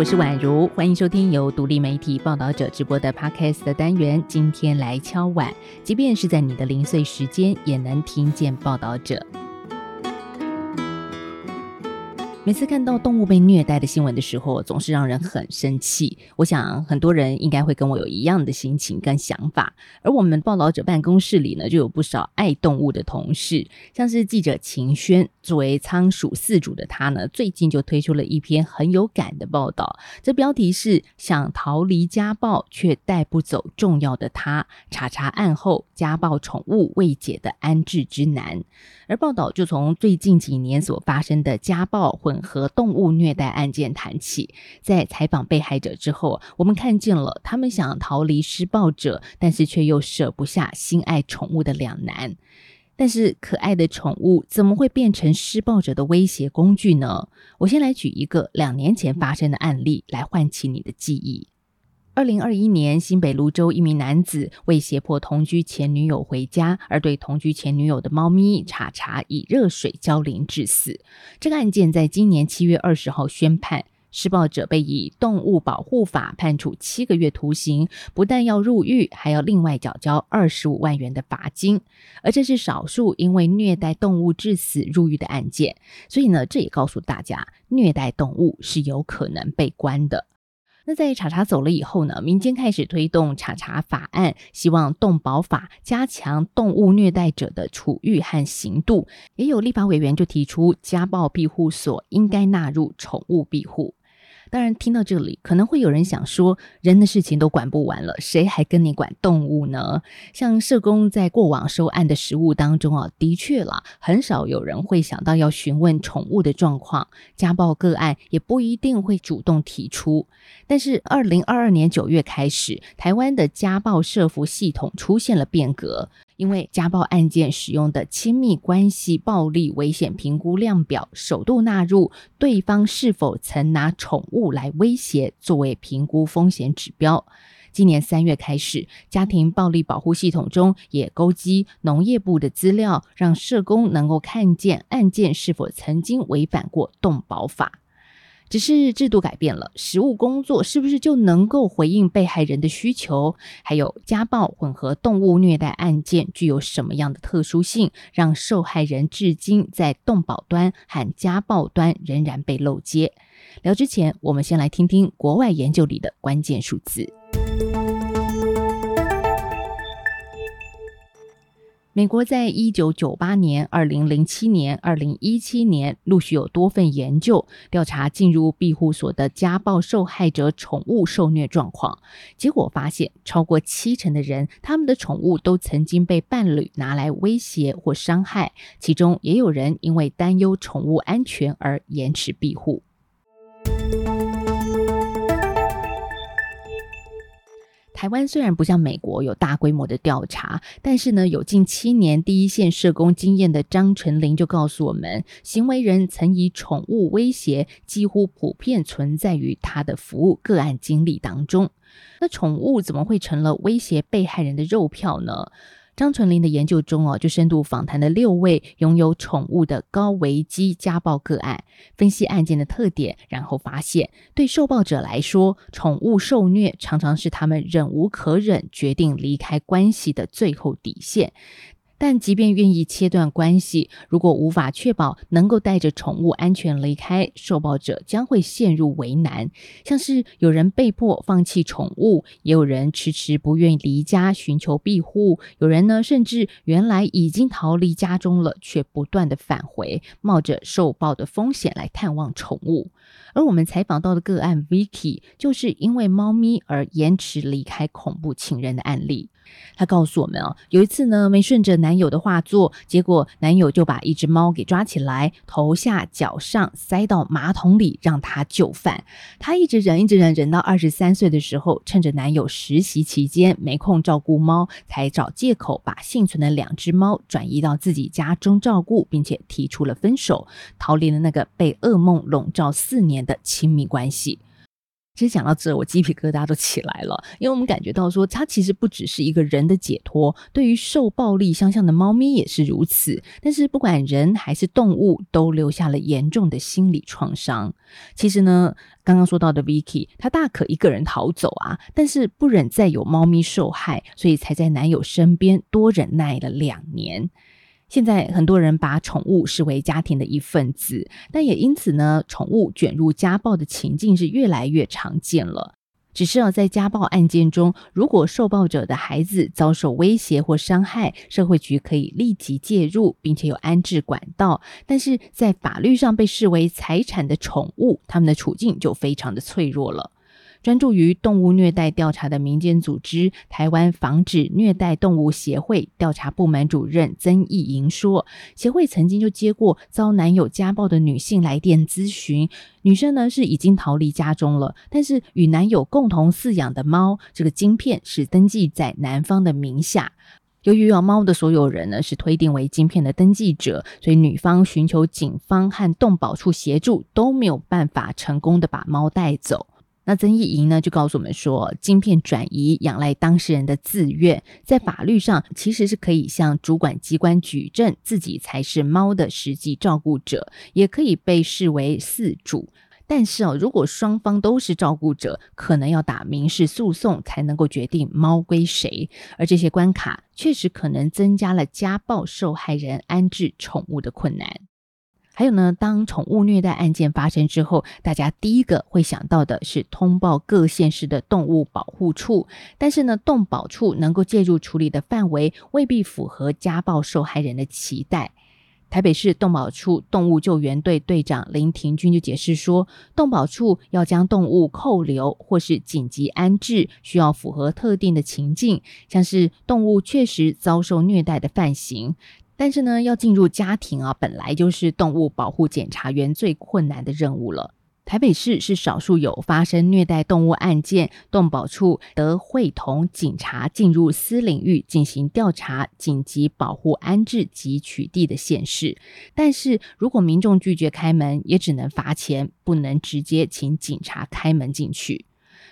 我是婉如，歡迎收聽由獨立媒體報道者直播的 Podcast 的單元。今天來敲婉，即便是在你的零碎時間，也能聽見報道者。每次看到動物被虐待的新聞的時候，總是讓人很生氣。我想很多人應該會跟我有一樣的心情跟想法。而我們報導者辦公室裡呢，就有不少愛動物的同事，像是記者秦軒，作為倉鼠飼主的他呢，最近就推出了一篇很有感的報道。這標題是“想逃離家暴，卻帶不走重要的牠”。茶茶案後，家暴寵物未解的安置之難。而報道就從最近幾年所發生的家暴或和動物虐待案件談起，在採訪被害者之後，我們看見了他們想逃離施暴者，但是卻又舍不下心愛寵物的兩難。但是可愛的寵物怎麼會變成施暴者的威脅工具呢？我先來舉一個兩年前發生的案例，來喚起你的記憶。二零二一年，新北蘆洲一名男子為脅迫同居前女友回家，而對同居前女友的貓咪茶茶以熱水澆淋致死。這個案件在今年七月二十號宣判，施暴者被以動物保護法判處七個月徒刑，不但要入獄，還要另外繳交二十五萬元的罰金。而這是少數因為虐待動物致死入獄的案件，所以呢，這也告訴大家，虐待動物是有可能被關的。那在茶茶走了以後呢，民間開始推動茶茶法案，希望動保法加強動物虐待者的處遇和刑度。也有立法委員就提出，家暴庇護所應該納入寵物庇護。當然，聽到這裡，可能會有人想說，人的事情都管不完了，誰還跟你管動物呢？像社工在過往收案的實務當中啊，的確啦，很少有人會想到要詢問寵物的狀況，家暴個案也不一定會主動提出。但是，二零二二年九月開始，台灣的家暴社服系統出現了變革。因為家暴案件使用的親密關係暴力危險評估量表，首度納入對方是否曾拿寵物來威脅，作為評估風險指標。今年三月開始，家庭暴力保護系統中也勾稽農業部的資料，讓社工能夠看見案件是否曾經違反過動保法。只是制度改變了，實務工作是不是就能夠回應被害人的需求？還有家暴混合動物虐待案件具有什麼樣的特殊性，讓受害人至今在動保端和家暴端仍然被漏接？聊之前，我們先來聽聽國外研究裡的關鍵數字。美國在一九九八年、二零零七年、二零一七年陸續有多份研究，調查進入庇護所的家暴受害者寵物受虐狀況，結果發現超過七成的人，他們的寵物都曾經被伴侶拿來威脅或傷害，其中也有人因為擔憂寵物安全而延遲庇護。台灣雖然不像美國有大規模的調查，但是呢，有近七年第一線社工經驗的張純林就告訴我們，行為人曾以寵物威脅，幾乎普遍存在於他的服務個案經歷當中。那寵物怎麼會成了威脅被害人的肉票呢？張純林的研究中，啊，就深度訪談了六位擁有寵物的高危機家暴個案，分析案件的特點，然後發現，對受暴者來說，寵物受虐常常是他們忍無可忍、決定離開關係的最後底線。但即便願意切斷關係，如果無法確保能夠帶着寵物安全離開，受暴者將會陷入為難。像是有人被迫放棄寵物，也有人遲遲不願意離家尋求庇護，有人呢甚至原來已經逃離家中了，卻不斷的返回，冒着受暴的風險來探望寵物。而我們採訪到的個案 Vicky，就是因為貓咪而延遲離開恐怖情人的案例。她告訴我們啊，有一次呢，沒順着男友的話做，結果男友就把一隻貓給抓起來，頭下腳上塞到馬桶裡，讓他就範。她一直忍，一直忍，忍到二十三歲的時候，趁着男友實習期間沒空照顧貓，才找借口把倖存的兩隻貓轉移到自己家中照顧，並且提出了分手，逃離了那個被噩夢籠罩四年的親密關係。其實講到這，我雞皮疙瘩都起來了，因為我們感覺到說，它其實不只是一個人的解脫，對於受暴力相向的貓咪也是如此。但是不管人還是動物，都留下了嚴重的心理創傷。其實呢，剛剛說到的 Vicky，她大可一個人逃走啊，但是不忍再有貓咪受害，所以才在男友身邊多忍耐了兩年。現在很多人把寵物視為家庭的一份子，但也因此呢，寵物捲入家暴的情境是越來越常見了。只是啊，在家暴案件中，如果受暴者的孩子遭受威脅或傷害，社會局可以立即介入，並且有安置管道；但是在法律上被視為財產的寵物，他們的處境就非常的脆弱了。專注於動物虐待調查的民間組織台灣防止虐待動物協會調查部門主任曾義瑩說：“協會曾經就接過遭男友家暴的女性來電諮詢，女生呢是已經逃離家中了，但是與男友共同飼養的貓，這個晶片是登記在男方的名下。由於啊貓的所有人呢是推定為晶片的登記者，所以女方尋求警方和動保處協助都沒有辦法成功的把貓帶走。”那曾義瑩呢就告訴我們說，晶片轉移仰賴當事人的自願，在法律上其實是可以向主管機關舉證自己才是貓的實際照顧者，也可以被視為飼主。但是哦、啊，如果雙方都是照顧者，可能要打民事訴訟才能夠決定貓歸誰。而這些關卡確實可能增加了家暴受害人安置寵物的困難。還有呢，當寵物虐待案件發生之後，大家第一個會想到的是通報各縣市的動物保護處。但是呢，動保處能夠介入處理的範圍未必符合家暴受害人的期待。台北市動保處動物救援隊隊長林廷軍就解釋說，動保處要將動物扣留或是緊急安置，需要符合特定的情境，像是動物確實遭受虐待的犯行。但是呢，要進入家庭啊，本來就是動物保護檢查員最困難的任務了。台北市是少數有發生虐待動物案件，動保處得會同警察進入私領域進行調查、緊急保護、安置及取締的縣市。但是如果民眾拒絕開門，也只能罰錢，不能直接請警察開門進去。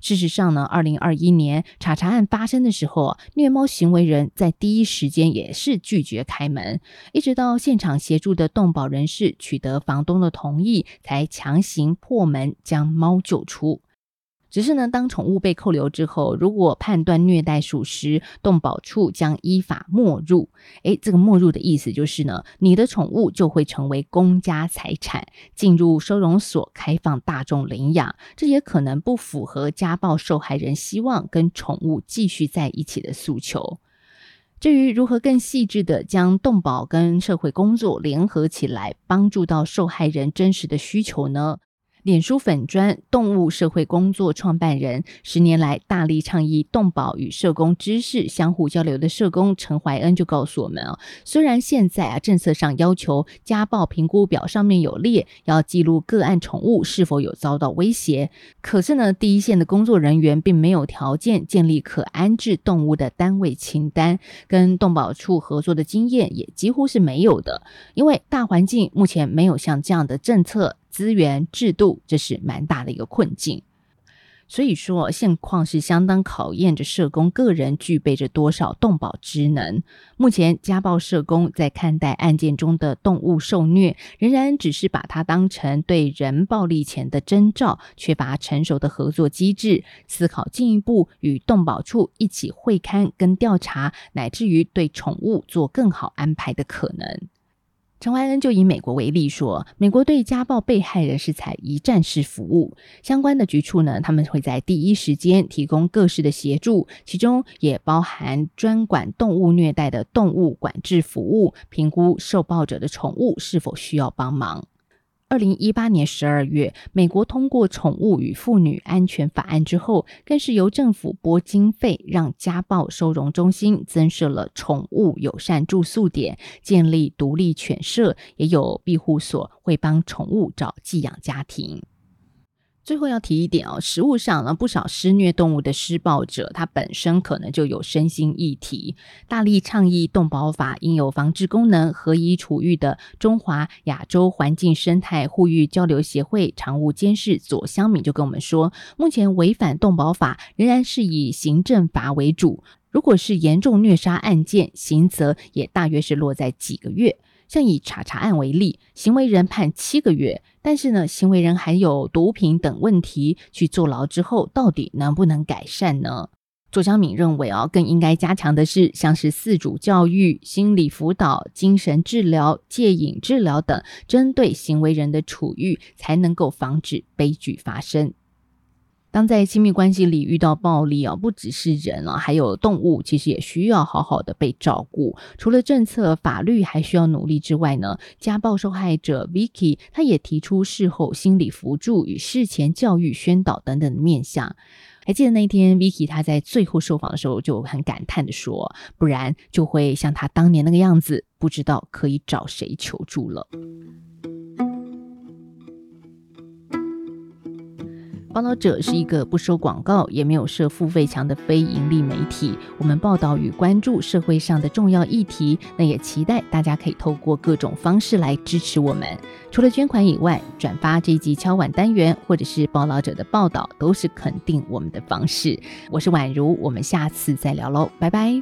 事實上呢，二零二一年茶茶案發生的時候，虐貓行為人在第一時間也是拒絕開門，一直到現場協助的動保人士取得房東的同意，才強行破門將貓救出。只是呢，當寵物被扣留之後，如果判斷虐待屬實，動保處將依法沒入。誒，這個沒入的意思就是呢，你的寵物就會成為公家財產，進入收容所，開放大眾領養。這也可能不符合家暴受害人希望跟寵物繼續在一起的訴求。至於如何更細緻的將動保跟社會工作聯合起來，幫助到受害人真實的需求呢？臉書粉專動物社會工作創辦人，十年來大力倡議動保與社工知識相互交流的社工陳懷恩就告訴我們啊，雖然現在啊政策上要求家暴評估表上面有列要記錄個案寵物是否有遭到威脅，可是呢，第一線的工作人員並沒有條件建立可安置動物的單位清單，跟動保處合作的經驗也幾乎是沒有的，因為大環境目前沒有像這樣的政策。資源制度，這是蠻大的一個困境。所以說，現況是相當考驗着社工個人具備着多少動保職能。目前，家暴社工在看待案件中的動物受虐，仍然只是把它當成對人暴力前的徵兆，缺乏成熟的合作機制，思考進一步與動保處一起會勘跟調查，乃至於對寵物做更好安排的可能。陳懷恩就以美國為例說，美國對家暴被害人是採一站式服務，相關的局處呢，他們會在第一時間提供各式的協助，其中也包含專管動物虐待的動物管制服務，評估受暴者的寵物是否需要幫忙。二零一八年十二月，美國通過《寵物與婦女安全法案》之後，更是由政府撥經費，讓家暴收容中心增設了寵物友善住宿點，建立獨立犬舍，也有庇護所會幫寵物找寄養家庭。最後要提一點哦，實務上呢，不少施虐動物的施暴者，他本身可能就有身心議題，大力倡議動保法應有防治功能，合宜處遇的中華亞洲環境生態護育交流協會常務監事左香敏就跟我們說，目前違反動保法仍然是以行政罰為主，如果是嚴重虐殺案件，刑責也大約是落在幾個月。像以茶茶案為例，行為人判七個月，但是呢，行為人還有毒品等問題，去坐牢之後，到底能不能改善呢？左江敏認為啊，更應該加強的是像是自主教育、心理輔導、精神治療、戒癮治療等，針對行為人的處遇，才能夠防止悲劇發生。當在親密關係裡遇到暴力啊，不只是人啊，還有動物，其實也需要好好的被照顧。除了政策、法律還需要努力之外呢，家暴受害者 Vicky 她也提出事後心理扶助與事前教育宣導等等的面向。還記得那天，Vicky 她在最後受訪的時候就很感嘆的說：“不然就會像她當年那個樣子，不知道可以找誰求助了。”報道者是一個不收廣告也沒有設付費牆的非盈利媒體，我們報道與關注社會上的重要議題，那也期待大家可以透過各種方式來支持我們。除了捐款以外，轉發這一集敲碗單元或者是報道者的報道都是肯定我們的方式。我是婉如，我們下次再聊嘍，拜拜。